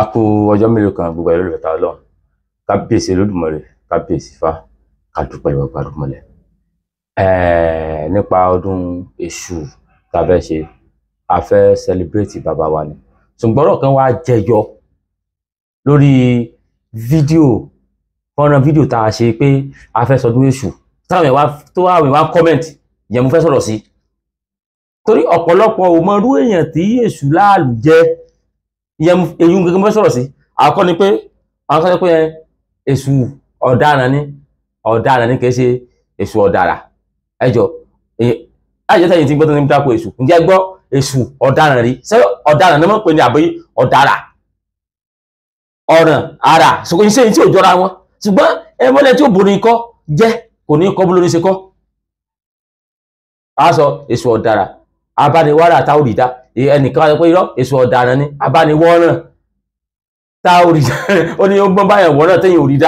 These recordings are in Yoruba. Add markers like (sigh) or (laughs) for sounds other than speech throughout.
a kú ọjọ́ mélòó kan gbogbo ẹ̀rọ ìrẹ̀ta ọlọ́run kábíyèsí olódùmarè kábíyèsí fa kàdúpẹ́ lọ́wọ́ gbàdúmọ̀lẹ̀ nípa ọdún èṣù tá a fẹ́ ṣe a fẹ́ sẹlẹbírẹ́tì bàbá wa ni ṣùgbọ́n ọ̀rọ̀ kan wá jẹyọ lórí fídíò fọ́nrán fídíò tá a ṣe pé a fẹ́ sọdún èṣù táwọn ìwà tó wà wíwá kọ́mẹ̀ntì yẹn mo fẹ́ sọ̀rọ̀ sí torí ọ̀pọ̀lọpọ̀ ò èèyàn tí èṣù láàlú jẹ́ ìyẹn èyí gẹ́gẹ́ mọ́ sọ̀rọ̀ sí àkọ́ ni pé àwọn kan sọ pé èṣù ọ̀daràn ni ọ̀daràn ni kì í ṣe èṣù ọ̀dàrà ẹjọ́ ẹjọ́ tẹ̀yìn tí gbọ́dọ̀ ní dáko èṣù ǹjẹ́ gbọ́ èṣù ọ̀daràn rí ṣé ọ̀daràn ni wọ́n pè ní àbí ọ̀dàrà ọ̀ràn ara ṣùgbọ́n iṣẹ́ tí ò jọra wọn ṣùgbọ́n ẹmọ́lẹ̀ tí ó borí ikọ́ jẹ́ kò ní kọ́ bólórí ṣe kọ́ a sọ èṣù ọ̀dàrà abániwárà táwòrìdá ẹnìkan wáyé pé irọ́ èso ọ̀daràn ni abániwọ́ràn ta a rí ó ní ọgbọ́n báyẹn wọ́ràn téèyàn náà rí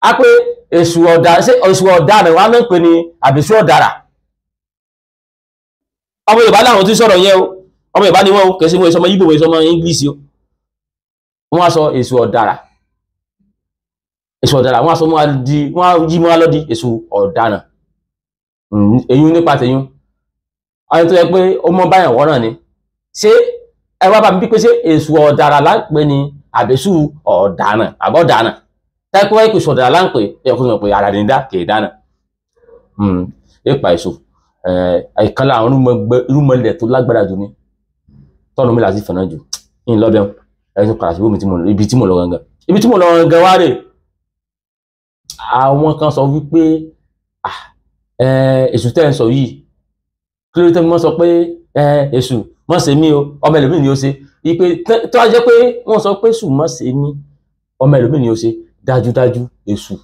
a pé èso ọ̀daràn wà ní ọ̀daràn ọmọ Yorùbá láwọn tí sọ̀rọ̀ yẹn o ọmọ Yorùbá ni wọ́n o sọ àwọn tó yẹ pé ó mọ báyàn wọ́ràn ni ṣé ẹ wá bá mi bí pé ṣé èṣù ọ̀daràn láǹpẹ́ ni àbẹ̀ṣù ọ̀daràn àbọ̀daràn táìpẹ́ wáyé kò sọ̀daràn láǹpẹ́ ẹ̀ kó sọ pé ara ní dá dáná ipa hmm, èṣù ẹ̀ẹ̀kan eh, láwọn irúmọlẹ̀ tó lágbára jù ni tọ́nu mi láti fẹ̀nà jù ní lọ́bẹ̀ ẹ̀sùn padà sí ibi tí mo lọ gangan ibi tí mo lọ gangan wá rè àwọn kan sọ wípé ah, eh, èṣù tẹ́ ń sọ yìí kí ló tó fi mọ́ sọ pé èṣù mọ́ ṣe mí o ọmọ ẹlòmíì ni ó ṣe ipe tó a jẹ́ pé wọ́n sọ pé èṣù mọ́ ṣe mí ọmọ ẹlòmíì ni ó ṣe dájúdájú èṣù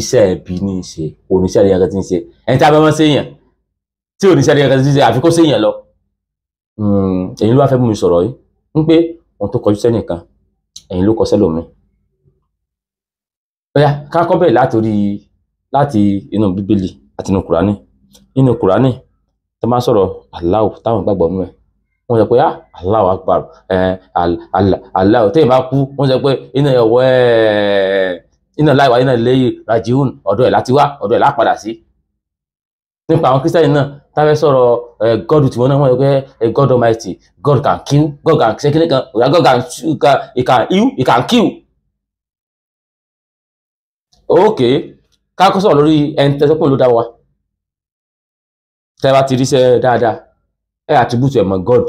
iṣẹ́ ẹ̀bí ní í ṣe oníṣẹ́ àríyá kan ti ń ṣe ẹni tí a bá mọ́ ṣe èèyàn tí oníṣẹ́ àríyá kan ti ń ṣe àfi kó ṣe èèyàn lọ hmm, ẹ̀yin ló wá fẹ́ mú mi sọ̀rọ̀ yìí ń pé ohun tó kọjú sẹ́nìkan ẹ̀yin ló kọ sẹ́lòmíì ó yá ká kọ́ bẹ̀rẹ̀ látòrí láti inú bíbélì àti tó máa sọ̀rọ̀ Allahu táwọn gbàgbọ́ nù ẹ̀ wọ́n sọ pé ah Allahu akbar Allahu téèyàn bá kú wọ́n sọ pé iná ẹ̀wọ́ ẹ̀ iná láìwá iná lẹ́yìn rajiun ọ̀dọ̀ ẹ̀ láti wá ọ̀dọ̀ ẹ̀ lápadà sí nípa àwọn kírísítẹ́nì náà táwọn sọ̀rọ̀ God tiwọn náà wọ́n sọ pé God Almighty God can kill God can ṣe kan òyà God can he he can kill. ok ká kọ́ sọ̀rọ̀ lórí ẹni tẹ́sán pé ló dá wa tẹ́ bá ti ríṣẹ́ dáadáa ẹ àtibútù ẹ̀ mọ́ god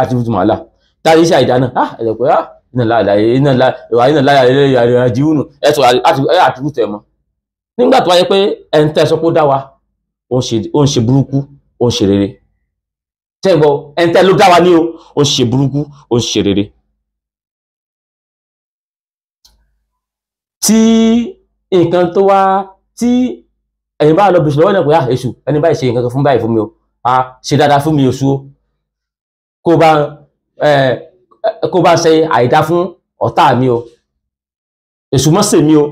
àtibútù mọ́ allah tá a ríṣẹ́ àìdáná ah ẹ̀ lọ́pẹ́ ah iná láàyè iná láàyè iná láàyè ìrìn àjì hùnù ẹ sọ ah, ẹ àtibútù ẹ̀ mọ́ nígbà tó wáyé pé ẹ̀ ń tẹ́ sọ pé ó dá wa ó ń ṣe burúkú ó ń ṣe rere tẹ́gbọ́ ẹ̀ ń tẹ́ ló dá wa ní o ó ń ṣe burúkú ó ń ṣe rere tí nǹkan tó wá tí ẹ̀yin bá lọ bìṣìlọ́wọ́ náà pé ah èṣù ẹni báyìí ṣe nǹkan kan fún báyìí fún mi o ah ṣe dáadáa fún mi èṣù o kó bá ẹ kó bá ṣe àìdá fún ọ̀tá mi o èṣù mọ́ sèmi o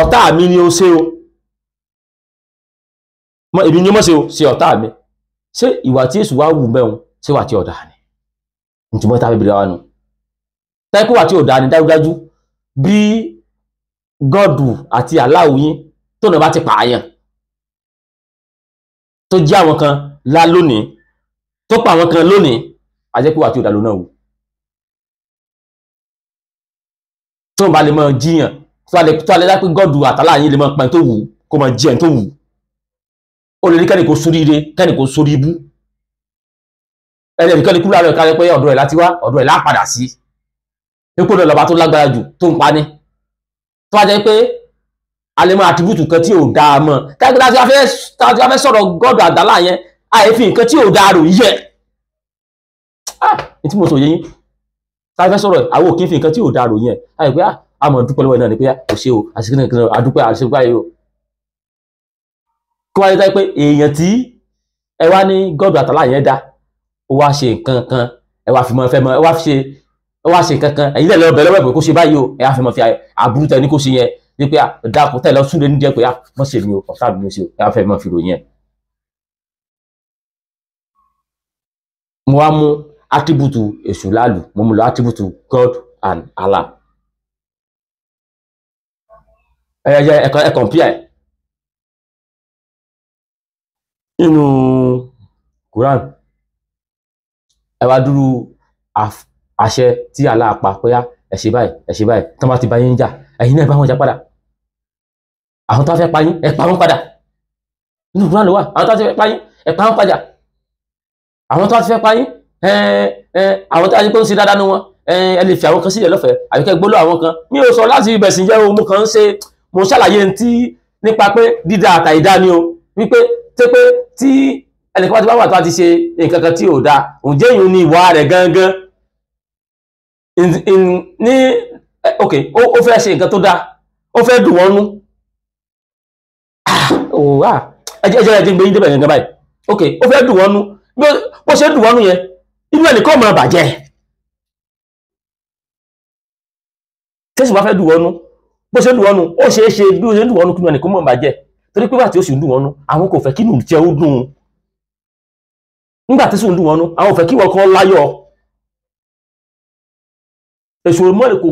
ọ̀tá mi ni o ṣe o mọ èmi ni mọ́ o ṣe ọ̀tá mi ṣé ìwà tí èṣù wá wù mẹ́un ṣé wà tí ọ̀dà ni nítorí tá a wa nù táìpé wà tí ọ̀dà ni dájúdájú bí gọ́ọ̀dù àti aláwo tó náà bá ti pààyàn tó jẹ́ àwọn kan lá lónìí tó pa àwọn kan lónìí àjẹpọ̀ àti òdàlú náà wò tó ń bá lè mọ jiyàn tó a lè tó a lè dápé gọ́ọ̀dù àtàlà yín lè mọ pẹ́ tó wù kó mọ jiyàn tó wù ó lè ní kẹ́ni kó sórí ire kẹ́ni kó sórí ibú ẹni ẹnìkan ní kúrò àárọ̀ ká lè pé ọ̀dọ̀ ẹ̀ láti wá ọ̀dọ̀ ẹ̀ lápadà sí ipò náà lọ́ba tó lágbára jù tó ń pa ní tó a jẹ́ pé alẹ́mọ́ àtìbùtù kan tí ò dáa mọ́ káàkiri láti afẹ́ sọ̀rọ̀ gọ́dọ̀ àgbàlá yẹn àìfi nǹkan tí ò dáa rò yẹ ah ní tí mo sọ yẹn káàkiri sọ̀rọ̀ àwọn òkè fi nǹkan tí ò dáa rò yẹn àìpé àmọ̀ ah, dúpẹ́ lọ́wọ́ náà ni pé ah, kò ṣe o àṣìkí náà kìnnà àdúpẹ́ àṣìkí báyìí o kí wáyé táyé pé èèyàn tí ẹ wá ní gọ́dọ̀ àtàlá yẹn dá ó wá ṣe nǹkan kan ẹ wá fi mọ́ ẹ fẹ́ mọ́ ẹ wá ṣe nǹkan kan ẹ̀yin lẹ́lẹ́ ọbẹ̀ lọ́wọ́ ẹ̀bùn kó ṣe báyìí o ẹ wá fi mọ́ fi àbúrú tẹ ní kó ṣe yẹn wípé à dákun tẹ́lẹ̀ súnlé ní jẹ́ pé à mọ́ sí mi o ọ̀tá mi sí o ká fẹ́ mọ́ fi ròyìn ẹ̀. mo wá mú átríbùtù èṣù láàlú mo mú lọ átríbùtù God and Allah. ẹ ẹ ẹ ẹ kọ̀ǹpìà ẹ̀ nínú Quran ẹ wá dúró àṣẹ tí Allah pa pé à ẹ ṣe báyìí ẹ ṣe báyìí tán hine ti bá yín àwọn tó fẹ́ pa yín ẹ pa wọ́n padà inú kúrán ló wà àwọn tó fẹ́ pa yín ẹ pa wọ́n padà àwọn tó fẹ́ pa yín ẹ ẹ àwọn tó fẹ́ pé ó ń ṣe dáadáa nu wọn ẹ ẹ lè fi àwọn kan sílẹ̀ lọ́fẹ̀ẹ́ àbíkẹ́ gbóló àwọn kan mi ò sọ láti ibẹ̀ sì jẹ́ ohun mo kàn ń ṣe mo ṣàlàyé ti nípa pé dídá àtàìdá ni o wípé tẹ́ pé tí ẹnìkan bá ti bá wà tó a ti ṣe nǹkan kan tí ò dáa ǹjẹ́ ni ok ó fẹ́ ṣe nǹkan tó dáa ó fẹ́ dùn òwò à ah, ẹjẹ́ ẹjẹ́ ẹjẹ́ gbé yín débẹ̀ gangan báyìí ok ó fẹ́ dùn wọ́n nú bó ṣe dùn wọ́n nú yẹn inú ẹ̀ nìkan ọ̀mọ̀ràn bàjẹ́ tẹ́sùn bá fẹ́ dùn wọ́n nú bó ṣe dùn wọ́n ó ṣe é ṣe bí ó ṣe dùn wọ́n nú kí inú ẹ̀ nìkan ọ̀mọ̀ràn bàjẹ́ torí pé bàtí ó sì dùn wọ́n nú àwọn kò fẹ́ kí inú jẹ́ ó dùn nígbà tẹ́sùn dùn wọ́n àwọn ò kí wọ́n kan láyọ̀ èṣù mọ́lẹ̀ kò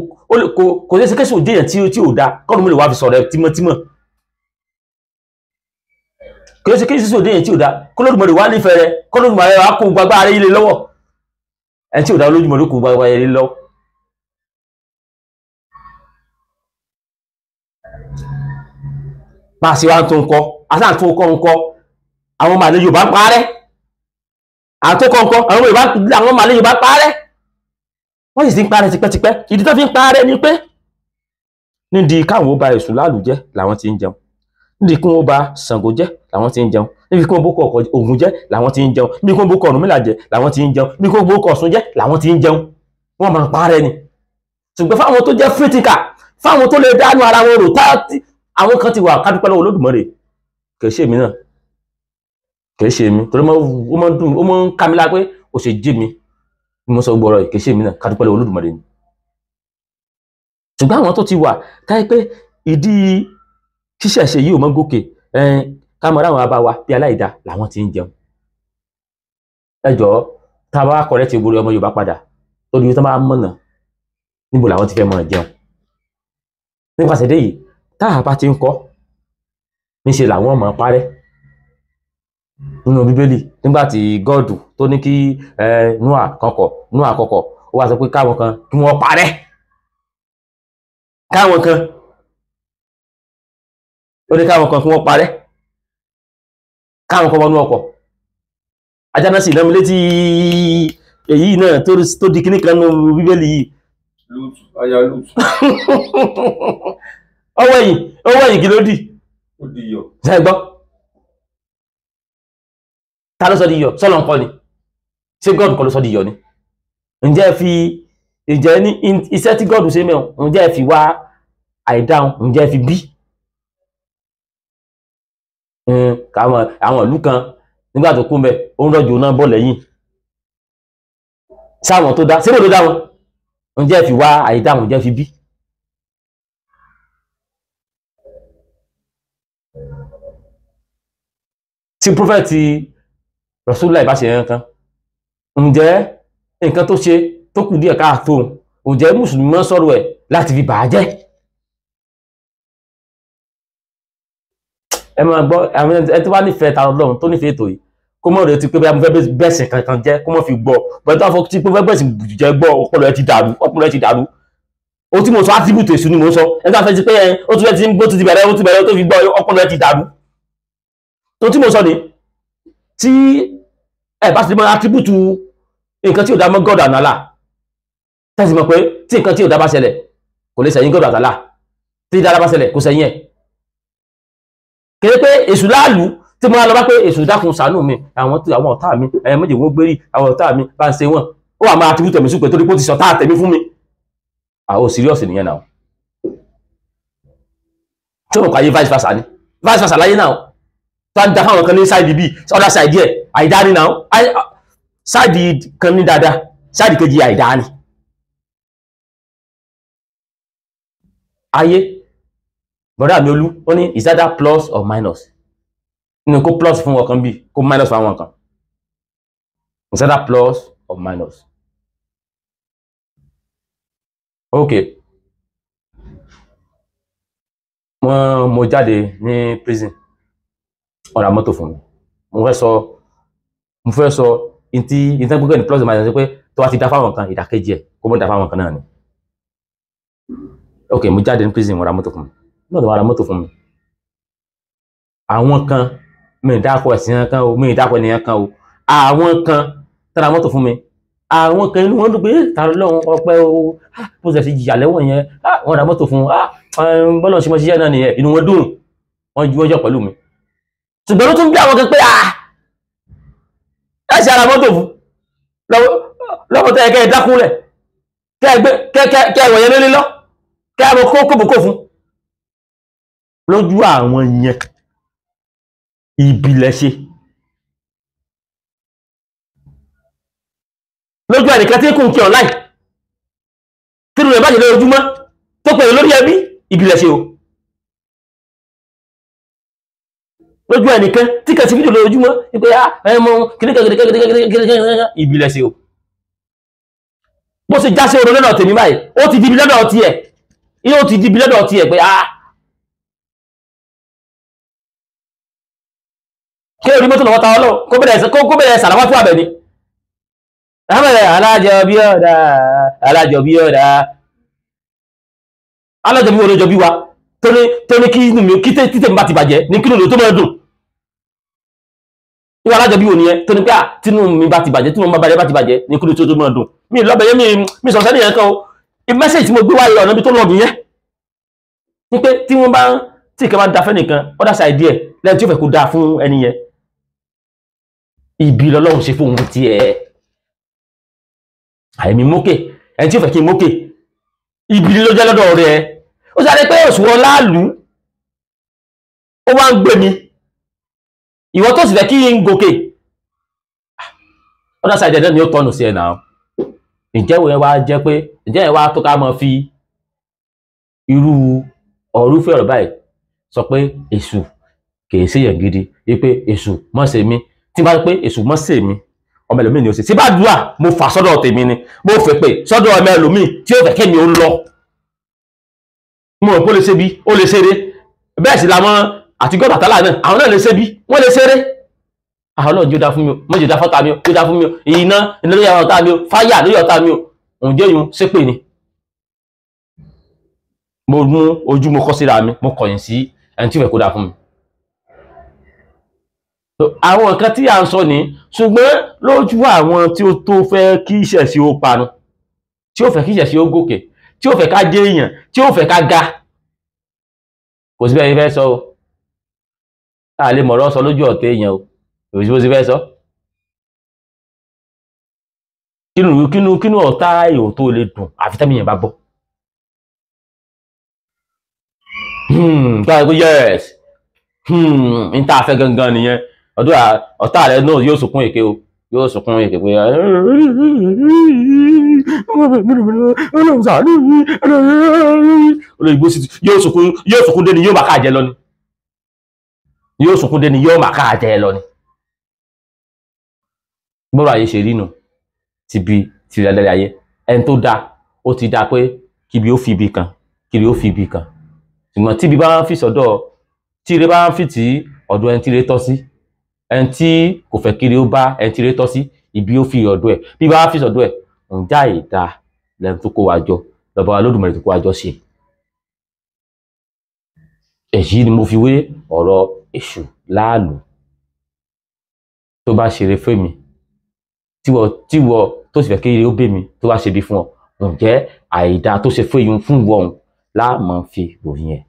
kò kò ṣe é ṣe kéṣù tí ó dáa kọ́ọ̀dù mọ́lẹ̀ wá fi sọ̀rọ̀ tímọ́tímọ́ kìí ṣe kí ṣíṣe òde yẹn tí ò da kólódùmọ̀rẹ́ wà nífẹ̀ẹ́ rẹ kólódùmọ̀rẹ́ wà kó gbàgbà ara yìí lé lọ́wọ́ ẹ̀ tí ò da olódùmọ̀rẹ́ kó gbàgbà ara yìí lọ́wọ́. bá a ṣe wá ń tó ń kọ́ àtàn tó ń kọ́ ń kọ́ àwọn ọmọ àlejò bá ń parẹ́ àtòkọ́ ń kọ́ àwọn ọmọ àlejò bá ń parẹ́ wọ́n sì ti ń parẹ́ tipẹ́tipẹ́ ìdí tó fi ń parẹ́ ni pé nídìí káwọn ó ba èṣù lálùjẹ́ làwọn ti ń jẹun níbi kí wọ́n bà Ṣàngó jẹ́ làwọn ti ń jẹun níbi kí wọ́n bó kọ Ògún jẹ́ làwọn ti ń jẹun níbi kí wọ́n bó kọ làwọn ti ń jẹun níbi kí wọ́n bó kọ làwọn ti ń jẹun wọ́n máa parẹ́ ni ṣùgbọ́n fáwọn tó jẹ́ fírítíkà fáwọn tó lè dánú ara wọn rò táàtì àwọn kan ti wà kádúpẹ́ lọ́wọ́ Olódùmarè kìí ṣe mí náà kìí ṣe mí torí ó máa ń dùn ó máa ń ká mi lára pé ó ṣe jí mi mo sọ gbọ́rọ̀ kìí ṣe ṣíṣẹ̀ṣe yìí ò mọ́ gòkè kámọ́ ráwọn abá wa bí aláìda làwọn ti ń jẹun ẹ jọ̀ọ́ tá a bá kọ̀rẹ́ ti borí ọmọ Yorùbá padà tó dúró tó bá mọ̀nà níbo làwọn ti fẹ́ mọ̀ jẹun nípasẹ̀ dé yìí tá a bá ti ń kọ́ níṣe làwọn ọmọ parẹ́ nínú Bíbélì nígbà tí gọ́ọ̀dù tó ní kí Nóà kọkọ̀ Nóà kọkọ̀ ó wá sọ pé káwọn kan kí wọ́n parẹ́ káwọn kan ó ní káwọn kan kí wọ́n parẹ́ káwọn kan wọnú ọkọ̀ ajáná sì lọ́mú létí èyí náà tó di kíní kan nù bíbélì yìí (laughs) ọwọ́ ẹ̀yìn ọwọ́ ẹ̀yìn kí ló dì ṣẹ́gbọ́ ta ló sọ di yọ sọ́lọ̀ nǹkan ni ṣé God kọ́ ló sọ di yọ ni ǹjẹ́ fi ǹjẹ́ ní iṣẹ́ tí God ṣe mẹ́wọ̀n ǹjẹ́ fi wá àìdáhùn ǹjẹ́ fi bí Hmm, káwọn àwọn ìlú kan nígbà tó kú mbẹ ó ń rọ̀jò náà bọ̀ lẹ́yìn sáwọn tó dá síbò tó dá wọn oúnjẹ fi wá àyè táwọn oúnjẹ fi bí. tí prọfẹ̀tì Rasulullah ìbáṣe yẹn kan ǹjẹ́ nǹkan tó ṣe tó kù díẹ̀ káàtó ǹjẹ́ mùsùlùmí mọ́ sọ̀rọ̀ ẹ̀ láti fi bàá jẹ́. ẹ máa gbọ́ àwọn ẹni tó bá nífẹ̀ẹ́ ta ọlọ́run tó nífẹ̀ẹ́ ètò yìí kó mọ̀ retí pé mo fẹ́ bẹ̀sìn kankan jẹ́ kó mọ̀ fi gbọ́ bẹ́ẹ̀ tó àfọ tí mo fẹ́ bẹ̀sìn jẹ́ gbọ́ ọpọlọ ẹ ti dàrú ọpọlọ ẹ ti dàrú o tí mo sọ átìbùtù èṣù ni mo sọ ẹni tó àfẹ́ ti pé ẹ o tún fẹ́ ti gbó ti bẹ̀rẹ̀ o ti bẹ̀rẹ̀ o tó fi gbọ́ ọpọlọ ẹ ti dàrú tó tí mo sọ ni tí ẹ bá ti mọ átìbùtù nǹkan tí ò dá mọ́ God and Allah mọ̀ pé tí nǹkan tí ò dá bá ṣẹlẹ̀ kò lè sẹ̀yìn God and tí dára bá ṣẹlẹ̀ kò sẹ̀yìn ẹ̀ kìí pé èṣù láàlú tí mo lọ bá pé èṣù dákun ṣàánú mi àwọn tí àwọn ọ̀tá mi ẹ̀yẹ méjì wọ́n gbérí àwọn ọ̀tá mi bá ń ṣe wọ́n ó wà máa tibú tẹ̀mí súpẹ̀ torí pé ó ti sọ táà tẹ̀mí fún mi àwọn ò síríọ̀sì nìyẹn náà tí mo kọ ayé vice versa ni vice versa láyé náà tó ń da fáwọn kan ní side bíi ọ̀dà side díẹ̀ àìdá ni náà ah, side kan ní dáadáa side kejì àìdá ni ayé bọ̀dá mi olú ó ní is that plus or minus nínú kó plus fún ọ̀kan bíi kó minus fún àwọn kan is that plus or minus ok wọ́n mo jáde ní prison wọ́n ra mọ́tò fún mi mo fẹ́ sọ mo fẹ́ sọ ntí ntí gbogbo plus or minus pé tó bá ti dá fáwọn kan ìdàkejì ẹ̀ kó mọ̀ dá fáwọn kan náà ni ok mo jáde ní prison wọ́n ra mọ́tò fún mi náà tó wá ra mọ́tò fún mi àwọn kan mi ì dákọ ẹ̀sìn kan o mi ì dákọ ènìyàn kan o àwọn kan tó ra mọ́tò fún mi àwọn kan inú wọn dùn pé eh, tààrọ lọ́hùn ọpẹ́ o ah, bó ṣe jìyà lẹ́wọ̀n yẹn ah, wọ́n ra mọ́tò fún ah, bọ́lá ṣe mọ́ ṣiṣẹ́ náà nìyẹn inú wọn dùn wọ́n ju ọjọ́ pẹ̀lú mi ṣùgbọ́n ló tún bí àwọn kan pé ẹ ṣe ara mọ́tò fún lọ́wọ́ tẹ́ ẹ kẹ́ ẹ dákúnlẹ̀ kẹ́ ẹ wọ̀nyẹn lé lé lọ kẹ́ ẹ mọ kó kòbókò fún lójú àwọn yẹn ìbílẹ̀ ṣe lójú ẹnìkan tí kò ń kí online tírù rẹ̀ báyìí lójúmọ́ tó pè lórí ẹbí ìbílẹ̀ ṣe o lójú ẹnìkan tí kẹ̀ sí fídíò lójúmọ́ ìpé ẹmọ kìrìkẹ̀kìrìkẹ̀kìrìkẹ̀ ìbílẹ̀ ṣe o bó ṣe já sí oró lọ́dọ̀ tèmi báyìí ó ti di ibi lọ́dọ̀ ọtí ẹ̀ kí ló ní mọ́tò lọ́wọ́ ta ọlọ́ kó bẹ̀rẹ̀ sàlàwà fún àbẹ̀ni ahmed alájọbí ọ̀dà alájọbí ọ̀dà alájọbí olójọbí wa tó ní kí inú mi kí títẹ̀ bá ti bàjẹ́ ní kí ló tó mọ́ dùn ìwà alájọbí ò nìyẹn tó ní pé tínú mi bá ti bàjẹ́ tínú mi bá ti bàjẹ́ ní kí ló tó mọ́ dùn mi lọ́bẹ̀ yẹn mi sọ̀sẹ́ nìyẹn kan o mẹ́sẹ̀jì tí mo gbé wáyé ọ̀nà bí tó lọ́ọ̀dù yẹn ní pé tí wọ́n bá tí ìkan bá da fẹ́nìkan ọ̀dà ṣàìdí ẹ̀ lẹ́yìn tí ó fẹ́ kó da fún ẹni yẹn ibi lọ́lọ́run ṣe fóun tiẹ̀ àìmí mókè ẹni tí ó fẹ́ kí n mókè ibi ló jẹ́ lọ́dọ̀ rẹ̀ ó sáré pé òṣùwọ̀n láàlú ó wá ń gbé mi ìwọ tó sì fẹ́ kí n gòkè ọ̀nà ah, sàìdẹ̀ náà ni ó tọ́nù sí ẹ̀ náà ǹjẹ́ ìwé wa jẹ́ pé ǹjẹ́ ìwé wa tó ká mọ́ fi irú ọ̀rúfẹ́ ọ̀rọ̀ báyìí sọ pé èṣù kìí ṣèyàn gidi wípé èṣù mọ́ ṣe mí tí n bá rí pé èṣù mọ́ sí èmi ọmọ ẹlòmíì ni ó ṣe tí bá dùà mo fà sọ́dọ̀ tèmi ni mo fẹ́ pé sọ́dọ̀ ọmọ ẹlòmíì tí ó fẹ́ kémi ó lọ mo rò pé ó lè ṣe bí ó lè ṣeré bẹ́ẹ̀ sì làwọn àti Ọbàtálá náà àwọn náà lè ṣe bí wọ́n lè ṣeré àwọn náà jó dá fún mi o mọ́jọ dá fọ́ta mi o jó dá fún mi o iná lórí ọ̀tá mi o fáyà lórí ọ̀tá mi o òun jẹ́ yun ṣépè ni mo mú ojú mo kọ́ síra mi mo kọ̀yìn sí ẹni tí ó kó dá fún mi àwọn nǹkan tí a ń sọ ní ṣùgbọ́n lójú àwọn tí ó tó fẹ́ kí ìṣẹ̀ṣe ó panu tí ó fẹ́ kí ìṣẹ̀ṣe ó gòkè tí ó fẹ́ ká jẹ́ èèyàn tí ó fẹ́ ká ga kò sí bẹ́ẹ̀ fẹ́ sọ o a lè mọ̀rọ̀ sọ lójú ọ̀tẹ̀ èèyàn o kò sí bó ti fẹ́ sọ. kínú kínú kínú ọ̀tá èrò tó lè dùn àfi tẹ́mi yẹn bá bọ̀. gbọ́dọ̀ hmm, pé yẹ́s hmm, n tá fẹ́ gangan nìyẹn ọdún ah, ọ̀tá rẹ náà yóò sunkún èké o yóò sunkún èké pé olóyìnbó ah, sì yóò sunkún yóò sunkún dé ni yóò máa ká àjẹ lọ ni yóò sunkún dé ni yóò máa ká àjẹ lọ ni gbọ́dọ̀ ayé ṣe rí nu ti bi ti rẹ̀ ayé ẹni tó da ó ti da pé kíbi ó fi ibi kan kíbi ó fi ibi kan ṣùgbọ́n tíbi bá ń fi sọ́dọ̀ tíire bá ń fi tì ọ̀dọ̀ ẹni tíire tọ́ sí ẹni tí kò fẹ́ kiri ó bá ẹni tí rétọ́ sí ibi ó fi ọ̀dọ̀ ẹ̀ bí bá fi sọ̀dọ̀ ẹ̀ ǹjẹ́ àìda lẹ́nu tó kó wa jọ lọ́ba Olódùmarè tó kó wa jọ ṣe. èyí ni mo fi wé ọ̀rọ̀ èṣù láàlú tó bá ṣeré fún mi tíwọ tíwọ tó sì fẹ́ kiri ó bè mi tó bá ṣe bí fún ọ ǹjẹ́ àìda tó ṣe fún ìyún fún ìwọ ọ̀hún láàmú fi ròyìn ẹ̀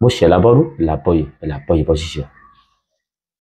mo ṣẹ̀ lábọ́rú làbọ̀yè làbọ̀yè bọ́ ṣíṣe.